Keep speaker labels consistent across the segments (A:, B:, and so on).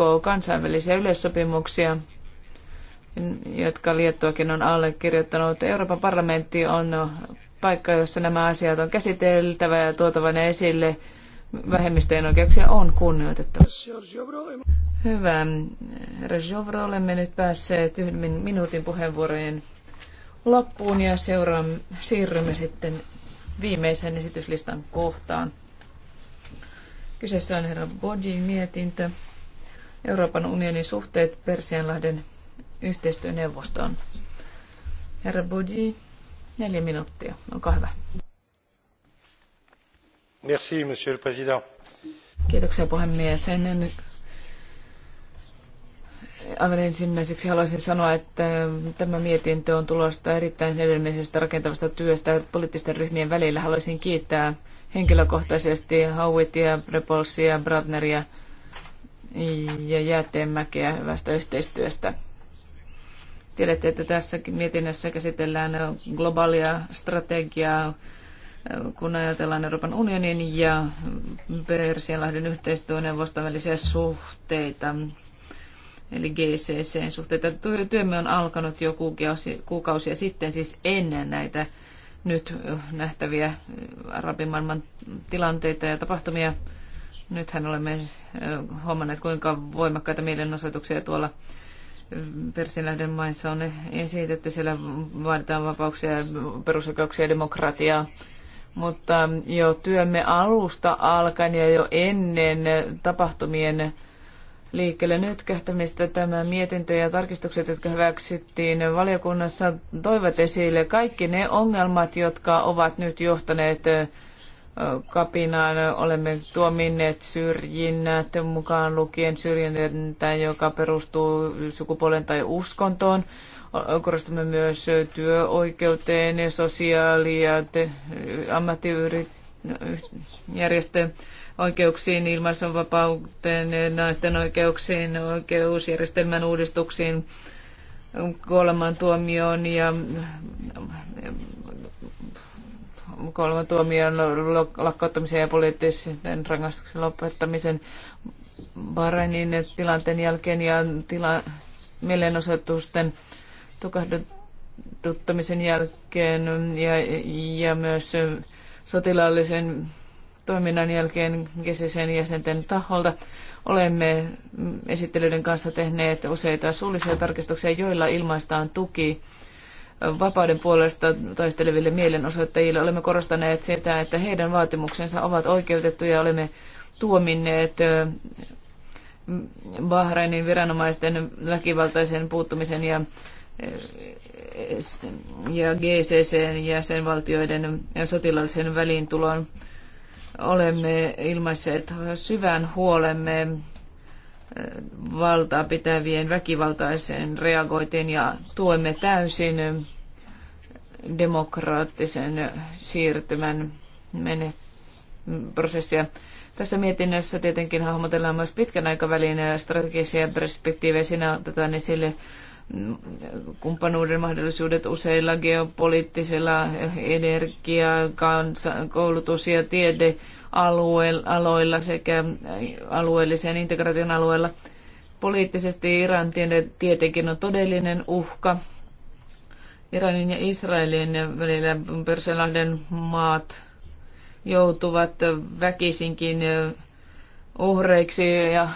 A: rikkoo kansainvälisiä yleissopimuksia, jotka Liettuakin on allekirjoittanut. Euroopan parlamentti on paikka, jossa nämä asiat on käsiteltävä ja tuotava ne esille. Vähemmistöjen oikeuksia on kunnioitettava. Hyvä. Herra Jovro, olemme nyt päässeet yhden minuutin puheenvuorojen loppuun ja seuraamme, siirrymme sitten viimeisen esityslistan kohtaan. Kyseessä on herra Bodjin mietintö. Euroopan unionin suhteet Persianlahden yhteistyöneuvostoon. Herra Budji, neljä minuuttia. Olkaa hyvä.
B: Merci, monsieur le président.
A: Kiitoksia puhemies. Ennen aivan ensimmäiseksi haluaisin sanoa, että tämä mietintö on tulosta erittäin hedelmisestä rakentavasta työstä poliittisten ryhmien välillä. Haluaisin kiittää henkilökohtaisesti Howittia, Repulsia, Bradneria, ja jäätteenmäkeä hyvästä yhteistyöstä. Tiedätte, että tässäkin mietinnössä käsitellään globaalia strategiaa, kun ajatellaan Euroopan unionin ja Persianlahden yhteistyöneuvoston välisiä suhteita, eli GCC-suhteita. Työmme on alkanut jo kuukausia sitten, siis ennen näitä nyt nähtäviä arabimaailman tilanteita ja tapahtumia. Nythän olemme huomanneet, kuinka voimakkaita mielenosoituksia tuolla Persinlähden maissa on esitetty. Siellä vaaditaan vapauksia, perusoikeuksia ja demokratiaa. Mutta jo työmme alusta alkaen ja jo ennen tapahtumien liikkeelle nyt kähtämistä tämä mietintö ja tarkistukset, jotka hyväksyttiin valiokunnassa, toivat esille kaikki ne ongelmat, jotka ovat nyt johtaneet kapinaan. Olemme tuominneet syrjinnät mukaan lukien syrjintä, joka perustuu sukupuolen tai uskontoon. Korostamme myös työoikeuteen ja sosiaali- ja ammattijärjestöjen oikeuksiin, ilmaisunvapauteen, naisten oikeuksiin, oikeusjärjestelmän uudistuksiin, kuolemantuomioon ja tuomion lakkauttamisen ja poliittisen rangaistuksen lopettamisen Bahrainin tilanteen jälkeen ja tila, mielenosoitusten tukahduttamisen jälkeen ja, ja myös sotilaallisen toiminnan jälkeen kesisen jäsenten taholta olemme esittelyiden kanssa tehneet useita suullisia tarkistuksia, joilla ilmaistaan tuki vapauden puolesta taisteleville mielenosoittajille. Olemme korostaneet sitä, että heidän vaatimuksensa ovat oikeutettuja. Olemme tuominneet Bahrainin viranomaisten väkivaltaisen puuttumisen ja ja GCCn ja sen valtioiden sotilaallisen väliintulon olemme ilmaisseet syvän huolemme valtaa pitävien väkivaltaiseen reagoitiin ja tuemme täysin demokraattisen siirtymän prosessia. Tässä mietinnössä tietenkin hahmotellaan myös pitkän aikavälin strategisia perspektiivejä. Siinä otetaan esille kumppanuuden mahdollisuudet useilla geopoliittisilla energia-, kansa, koulutus- ja tiedealoilla sekä alueellisen integraation alueella. Poliittisesti Iran tietenkin on todellinen uhka. Iranin ja Israelin välillä Persianlahden maat joutuvat väkisinkin uhreiksi ja,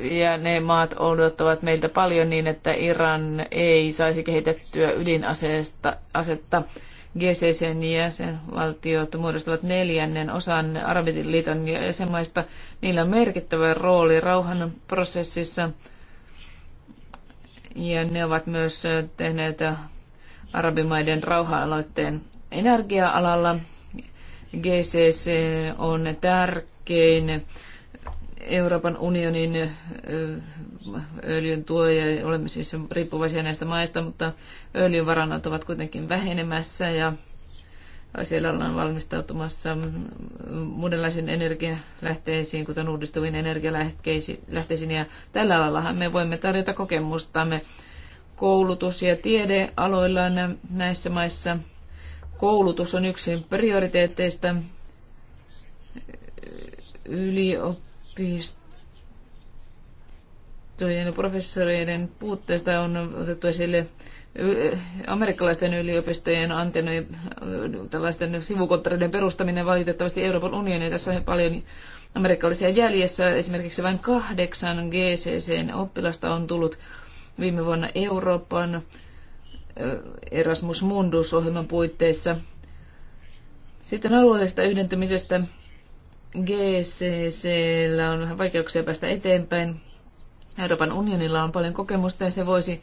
A: ja ne maat odottavat meiltä paljon niin, että Iran ei saisi kehitettyä ydinaseesta asetta. GCCn jäsenvaltiot muodostavat neljännen osan Arabitin liiton jäsenmaista. Niillä on merkittävä rooli prosessissa ja ne ovat myös tehneet arabimaiden rauha-aloitteen energia-alalla. GCC on tärkein Euroopan unionin öljyn tuoja, olemme siis riippuvaisia näistä maista, mutta öljyvarannot ovat kuitenkin vähenemässä ja siellä ollaan valmistautumassa monenlaisiin energialähteisiin, kuten uudistuviin energialähteisiin. Ja tällä alallahan me voimme tarjota kokemustamme koulutus- ja tiedealoilla näissä maissa. Koulutus on yksi prioriteetteista. Yliopisto yliopistojen ja professoreiden puutteesta on otettu esille amerikkalaisten yliopistojen antenojen, tällaisten sivukonttoreiden perustaminen valitettavasti Euroopan unioni. Tässä on paljon amerikkalaisia jäljessä. Esimerkiksi vain kahdeksan gcc oppilasta on tullut viime vuonna Euroopan Erasmus Mundus-ohjelman puitteissa. Sitten alueellisesta yhdentymisestä GCCllä on vähän vaikeuksia päästä eteenpäin. Euroopan unionilla on paljon kokemusta ja se voisi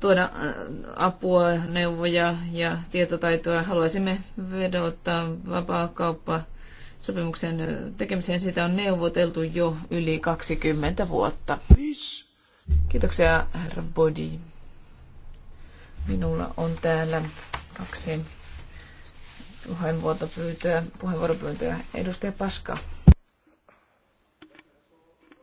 A: tuoda äh, apua, neuvoja ja tietotaitoa. Haluaisimme vedota kauppa sopimuksen tekemiseen. Siitä on neuvoteltu jo yli 20 vuotta. Kiitoksia, herra Bodi. Minulla on täällä kaksi puheenvuoropyyntöä, puheenvuoropyyntöä. Edustaja Paska.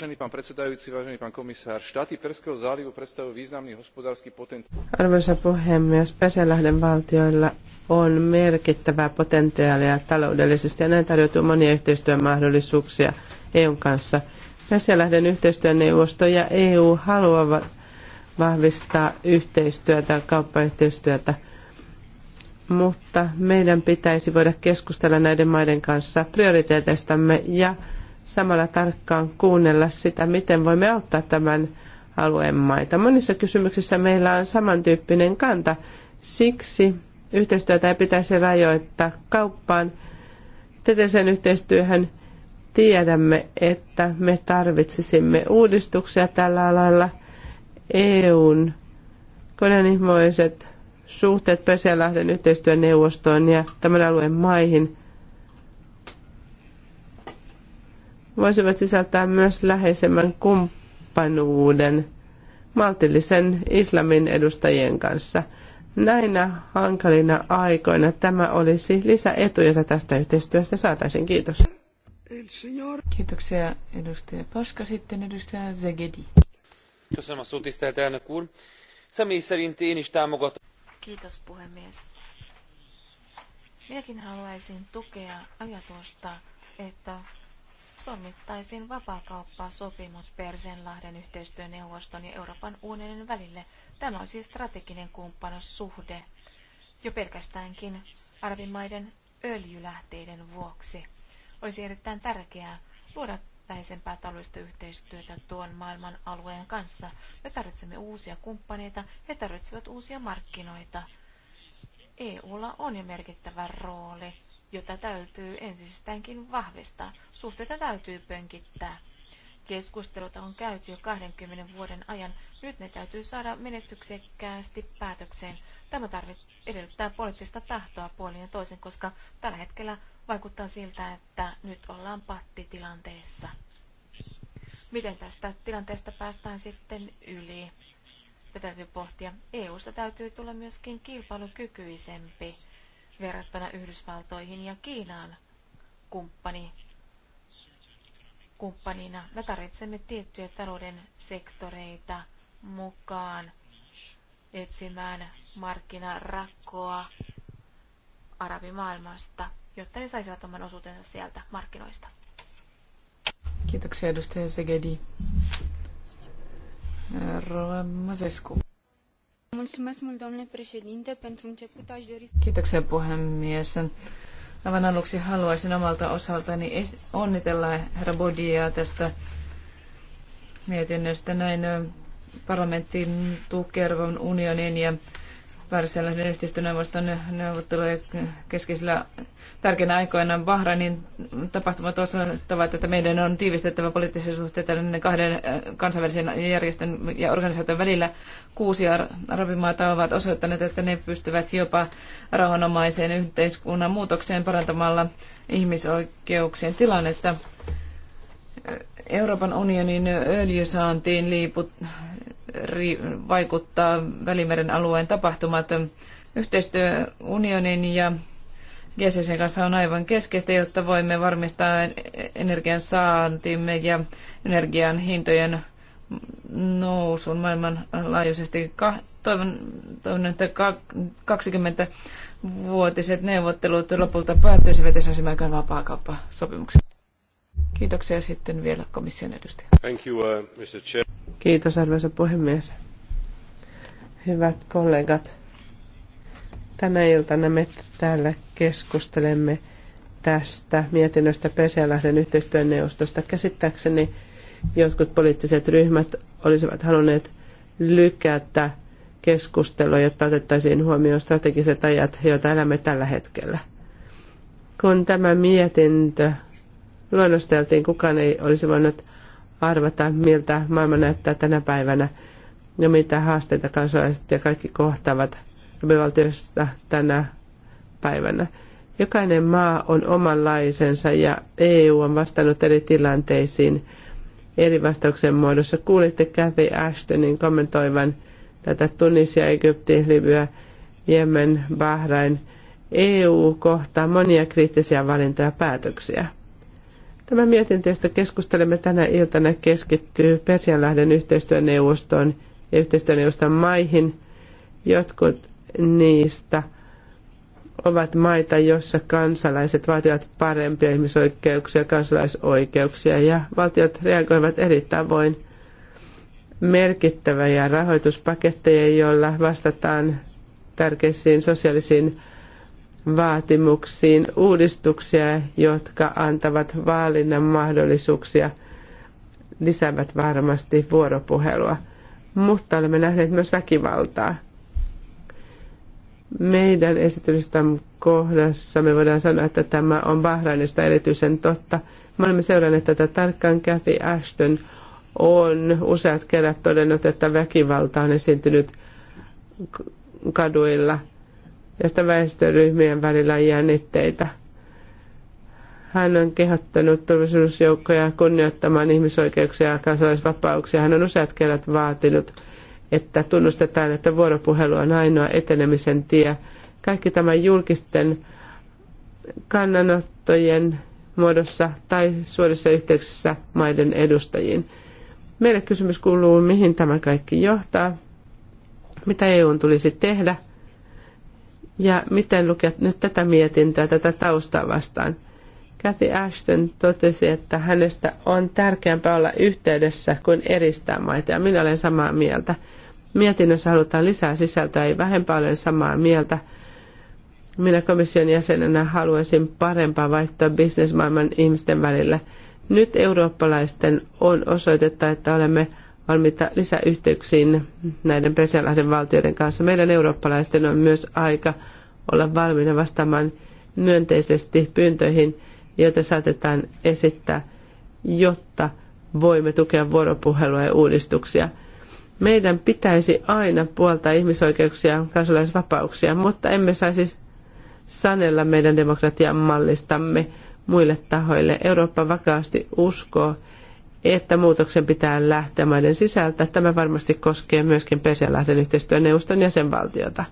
C: Vážený pán predsedajúci, vážený pán komisár, štáty Perského zálivu predstavujú významný hospodársky potenciaali.
B: Arvoisa puhemies, Pesälähden valtioilla on merkittävää potentiaalia taloudellisesti ja näin tarjoutuu monia yhteistyön mahdollisuuksia EUn kanssa. Pesälähden yhteistyöneuvosto ja EU haluavat vahvistaa yhteistyötä, kauppayhteistyötä – mutta meidän pitäisi voida keskustella näiden maiden kanssa prioriteeteistamme ja samalla tarkkaan kuunnella sitä, miten voimme auttaa tämän alueen maita. Monissa kysymyksissä meillä on samantyyppinen kanta. Siksi yhteistyötä ei pitäisi rajoittaa kauppaan. Tieteelliseen yhteistyöhön tiedämme, että me tarvitsisimme uudistuksia tällä alalla. EUn kunnianhimoiset suhteet Pesialahden yhteistyöneuvostoon ja tämän alueen maihin voisivat sisältää myös läheisemmän kumppanuuden maltillisen islamin edustajien kanssa. Näinä hankalina aikoina tämä olisi lisäetu, jota tästä yhteistyöstä saataisiin. Kiitos. Kiitoksia edustaja Paska. Sitten edustaja Zegedi.
C: Kiitos, a szót, tisztelt elnök úr. Személy szerint Kiitos puhemies. Minäkin haluaisin tukea ajatusta, että solmittaisiin sopimus Persenlahden yhteistyöneuvoston ja Euroopan unionin välille. Tämä on siis strateginen kumppanussuhde jo pelkästäänkin arabimaiden öljylähteiden vuoksi. Olisi erittäin tärkeää luoda läheisempää taloudellista yhteistyötä tuon maailman alueen kanssa. Me tarvitsemme uusia kumppaneita, he tarvitsevat uusia markkinoita. EUlla on jo merkittävä rooli, jota täytyy entisestäänkin vahvistaa. Suhteita täytyy pönkittää. Keskustelut on käyty jo 20 vuoden ajan. Nyt ne täytyy saada menestyksekkäästi päätökseen. Tämä tarvitsee edellyttää poliittista tahtoa puolin ja toisen, koska tällä hetkellä Vaikuttaa siltä, että nyt ollaan pattitilanteessa. Miten tästä tilanteesta päästään sitten yli? Tätä täytyy pohtia. EUsta täytyy tulla myöskin kilpailukykyisempi verrattuna Yhdysvaltoihin ja Kiinaan kumppani, kumppanina. Me tarvitsemme tiettyjä talouden sektoreita mukaan etsimään markkinarakkoa arabimaailmasta jotta he saisivat oman osuutensa sieltä markkinoista.
A: Kiitoksia edustaja Segedi. Rămăzescu. Kiitoksia puhemies. Aivan aluksi haluaisin omalta osaltani onnitella herra Bodia tästä mietinnöstä näin parlamentin tukervon unionin ja Pärsialaisen yhteistyöneuvoston neuvottelujen keskeisillä tärkeinä aikoina Bahrainin tapahtumat osoittavat, että meidän on tiivistettävä poliittisia suhteita kahden äh, kansainvälisen järjestön ja organisaation välillä. Kuusi arabimaata ovat osoittaneet, että ne pystyvät jopa rauhanomaiseen yhteiskunnan muutokseen parantamalla ihmisoikeuksien tilannetta. Euroopan unionin öljysaantiin liiput, vaikuttaa Välimeren alueen tapahtumat. Yhteistyö unionin ja GCC kanssa on aivan keskeistä, jotta voimme varmistaa energian saantimme ja energian hintojen nousun maailmanlaajuisesti. Ka- toivon, toivon, että 20-vuotiset neuvottelut lopulta päättyisivät ja saisimme
B: aikaan vapaakauppasopimuksen. Kiitoksia sitten vielä komission edustaja. Thank you, uh, Mr. Chair. Kiitos arvoisa puhemies. Hyvät kollegat, tänä iltana me täällä keskustelemme tästä mietinnöstä yhteistyön neuvostosta Käsittääkseni jotkut poliittiset ryhmät olisivat halunneet lykätä keskustelua, jotta otettaisiin huomioon strategiset ajat, joita elämme tällä hetkellä. Kun tämä mietintö luonnosteltiin, kukaan ei olisi voinut arvata, miltä maailma näyttää tänä päivänä ja mitä haasteita kansalaiset ja kaikki kohtaavat valtiossa tänä päivänä. Jokainen maa on omanlaisensa ja EU on vastannut eri tilanteisiin eri vastauksen muodossa. Kuulitte Cathy Ashtonin kommentoivan tätä Tunisia, Egypti, Libya, Jemen, Bahrain. EU kohtaa monia kriittisiä valintoja päätöksiä. Tämä mietintö, josta keskustelemme tänä iltana, keskittyy Persianlahden yhteistyöneuvostoon ja yhteistyöneuvoston maihin. Jotkut niistä ovat maita, joissa kansalaiset vaativat parempia ihmisoikeuksia, kansalaisoikeuksia ja valtiot reagoivat eri tavoin merkittäviä rahoituspaketteja, joilla vastataan tärkeisiin sosiaalisiin vaatimuksiin uudistuksia, jotka antavat vaalinnan mahdollisuuksia, lisäävät varmasti vuoropuhelua. Mutta olemme nähneet myös väkivaltaa. Meidän esitystä kohdassa me voidaan sanoa, että tämä on Bahrainista erityisen totta. Me olemme seuranneet tätä tarkkaan. Kathy Ashton on useat kerrat todennut, että väkivalta on esiintynyt kaduilla – josta väestöryhmien välillä on jännitteitä. Hän on kehottanut turvallisuusjoukkoja kunnioittamaan ihmisoikeuksia ja kansalaisvapauksia. Hän on useat kerrat vaatinut, että tunnustetaan, että vuoropuhelu on ainoa etenemisen tie. Kaikki tämän julkisten kannanottojen muodossa tai suorissa yhteyksissä maiden edustajiin. Meille kysymys kuuluu, mihin tämä kaikki johtaa, mitä EU tulisi tehdä – ja miten lukea nyt tätä mietintöä, tätä taustaa vastaan? Kathy Ashton totesi, että hänestä on tärkeämpää olla yhteydessä kuin eristää maita, ja minä olen samaa mieltä. Mietinnössä halutaan lisää sisältöä, ei vähempää ole samaa mieltä. Minä komission jäsenenä haluaisin parempaa vaihtoa bisnesmaailman ihmisten välillä. Nyt eurooppalaisten on osoitetta, että olemme valmiita lisäyhteyksiin näiden Persianlahden valtioiden kanssa. Meidän eurooppalaisten on myös aika olla valmiina vastaamaan myönteisesti pyyntöihin, joita saatetaan esittää, jotta voimme tukea vuoropuhelua ja uudistuksia. Meidän pitäisi aina puoltaa ihmisoikeuksia ja kansalaisvapauksia, mutta emme saisi sanella meidän demokratian mallistamme muille tahoille. Eurooppa vakaasti uskoo, että muutoksen pitää lähteä maiden sisältä. Tämä varmasti koskee myöskin yhteistyön neuvoston jäsenvaltiota.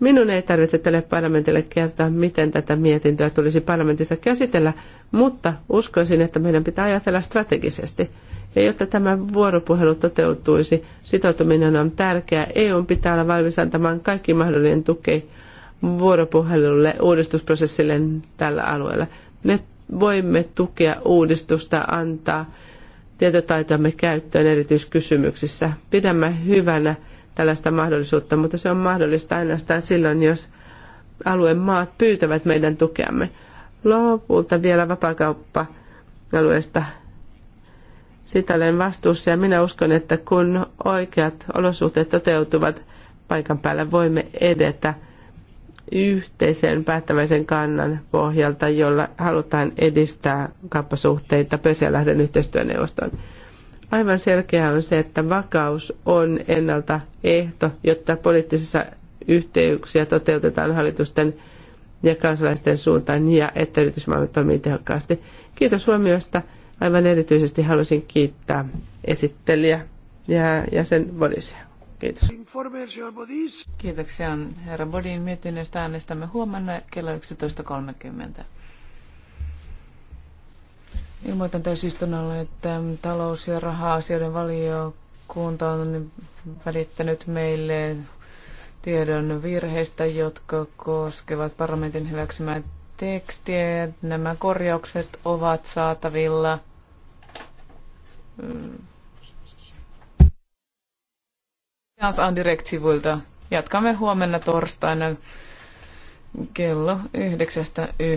B: Minun ei tarvitse tälle parlamentille kertoa, miten tätä mietintöä tulisi parlamentissa käsitellä, mutta uskoisin, että meidän pitää ajatella strategisesti. Ja jotta tämä vuoropuhelu toteutuisi, sitoutuminen on tärkeää. EU pitää olla valmis antamaan kaikki mahdollinen tuki vuoropuhelulle, uudistusprosessille tällä alueella. Me voimme tukea uudistusta, antaa tietotaitoamme käyttöön erityiskysymyksissä. Pidämme hyvänä tällaista mahdollisuutta, mutta se on mahdollista ainoastaan silloin, jos alueen maat pyytävät meidän tukeamme. Lopulta vielä vapaakauppa-alueesta. Sitä olen vastuussa ja minä uskon, että kun oikeat olosuhteet toteutuvat paikan päällä, voimme edetä – yhteisen päättäväisen kannan pohjalta, jolla halutaan edistää kauppasuhteita Pösiälähden yhteistyöneuvoston. Aivan selkeää on se, että vakaus on ennalta ehto, jotta poliittisissa yhteyksiä toteutetaan hallitusten ja kansalaisten suuntaan ja että yritysmaailma toimii tehokkaasti. Kiitos huomiosta. Aivan erityisesti halusin kiittää esittelijä ja jäsen Bonisia. Kiitos.
A: Kiitoksia herra Bodin mietinnöstä. Äänestämme huomenna kello 11.30. Ilmoitan täysistunnolle, että talous- ja raha-asioiden valiokunta on välittänyt meille tiedon virheistä, jotka koskevat parlamentin hyväksymää tekstiä. Nämä korjaukset ovat saatavilla mm, Transan direktiivuilta. Jatkamme huomenna torstaina kello 9.